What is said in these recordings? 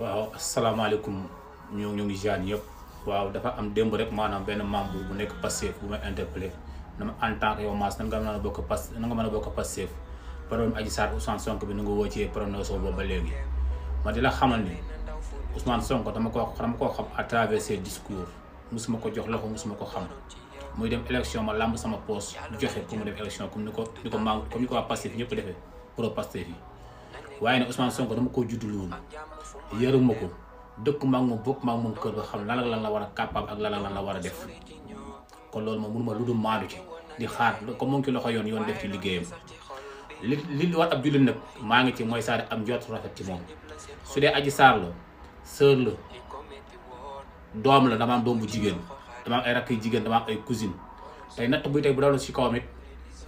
waaw asalaamaaleykum ñoo ñu ngi jaan yëpp waaw dafa am démb rek maanaam benn membre bu nekk Pastef bu may interpellé na ma en tant que yow Mass nan nga mën a bokk Pastef nan nga mën a bokk Pastef bi nu nga woo ci boobu ba léegi ma di la xamal ni Ousmane Sonko dama ko koo xam à travers ses discours ko jox loxo musuma ko xam muy dem élection ma làmb sama poste joxe pour mu dem élection comme ni ko ni ko maa comme ni ko waa Pastef ñëpp defee waaye ne Ousmane Sonko dama koo juddul woon yëruma ko dëkk ma moom bokk ma ak moom kër ba xam lan lan la war a capable ak lan lan la war a def kon loolu moom mënuma lu dul maandu ci di xaar ko mu ngi loxo yoon yoon def ci liggéeyam li li war ab jullit nag maa ngi ci mooy Sadio am njort rafet ci moom su dee aji saar la sœur la doom la dama doom bu jigéen dama am ay rakk jigéen dama ay cousine tey natt buy tey bu daloon si kawam it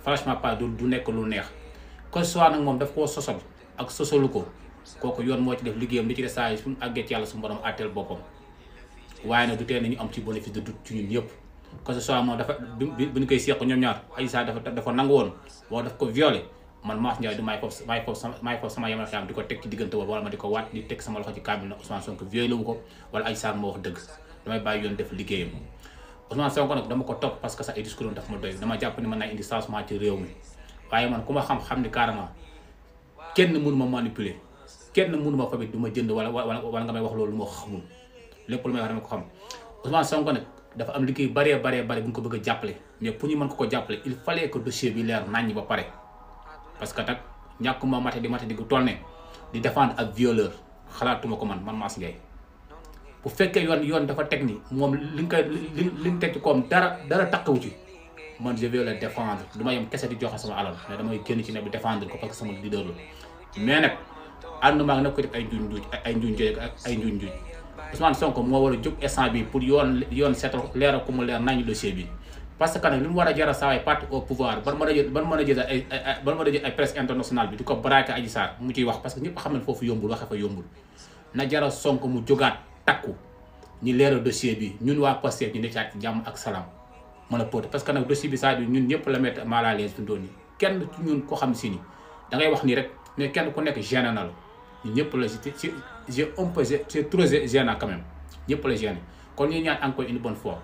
franchement pas du nekk lu neex kon soit nag moom daf koo sosal ak sosalu ko kooku yoon moo ci def liggéeyam li ci des saa yi suñu àggee ci yàlla su borom àtteel boppam waaye nag du tee nañu am ci bénéfice de doute ci ñun ñëpp que ce soit moom dafa bi ñu koy seq ñoom woon wala daf ko ko teg ci waat di teg sama loxo ci kaamil na Ousmane Sonko violé ko wala Adji Sarr moo wax dëgg damay bàyyi yoon def liggéeyam Ousmane Sonko nag dama ko topp parce que sax ay ma doy dama jàpp ni mën naa indi changement ci réew mi waaye man ku ma xam-xam ni carrément kenn mënu ma manipuler kenn mënu ma fabit du ma jënd wala wala nga may wax loolu lu ma xamul lépp lu may wax dama ko xam Ousmane nag dafa am liggéey baree baree bare bu ko bëgg a jàppale mais pour ñu mën ko ko jàppale il fallait que dossier bi leer naññ ba pare parce que nag ñàkkuma mate di mate di gu toll ne di défendre ak violeur xalaatuma ko man man Mass Gueye fekkee yoon yoon dafa teg moom li nga koy li li teg ci koom dara dara takkawu ci man je vais le défendre du ma yem kese di joxe sama alal mais damay génn ci ne bi défendre ko parce que sama leader la mais nag ànduma ak na ko def ay njuñ njuñ ay njuñ njuñ ak ay njuñ njuñ Ousmane Sonko moo war a jóg instant bi pour yoon yoon seetal leeral ko mu leer nañu dossier bi parce li mu war a jaral saa parti ban mën a jël a jël ay ban internationale bi di ko braqué Adji Sarr mu ciy wax parce que ñëpp xam foofu yombul waxe fa yombul na jaral Sonko mu jogaat takku ñu leeral dossier bi ñun waa Pastef ñu ne ci jàmm ak salaam mën a porté parce que nag dossier bi saa bi ñun ñëpp la mettre mal à l'aise kenn ci ñun ko xam si ni da ngay wax rek mais kenn ku nekk gêné na la ñu ñëpp la si j'ai un peu c'est trop gênant quand même ñëpp la gêné kon ñuy ñaan encore une bonne fois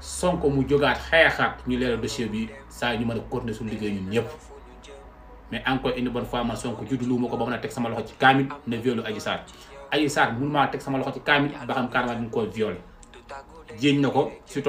Sonko mu jógaat xeexaat ñu leeral dossier bi saa ñu mën a su suñu liggéey ñun ñëpp mais encore une bonne fois man Sonko juddu lu ma ko ba mën a teg sama loxo ci kaamil ne violu Adji Sarr Adji Sarr mënu maa teg sama loxo ci kaamil ba xam carrément bi nga ko violé na ko surtout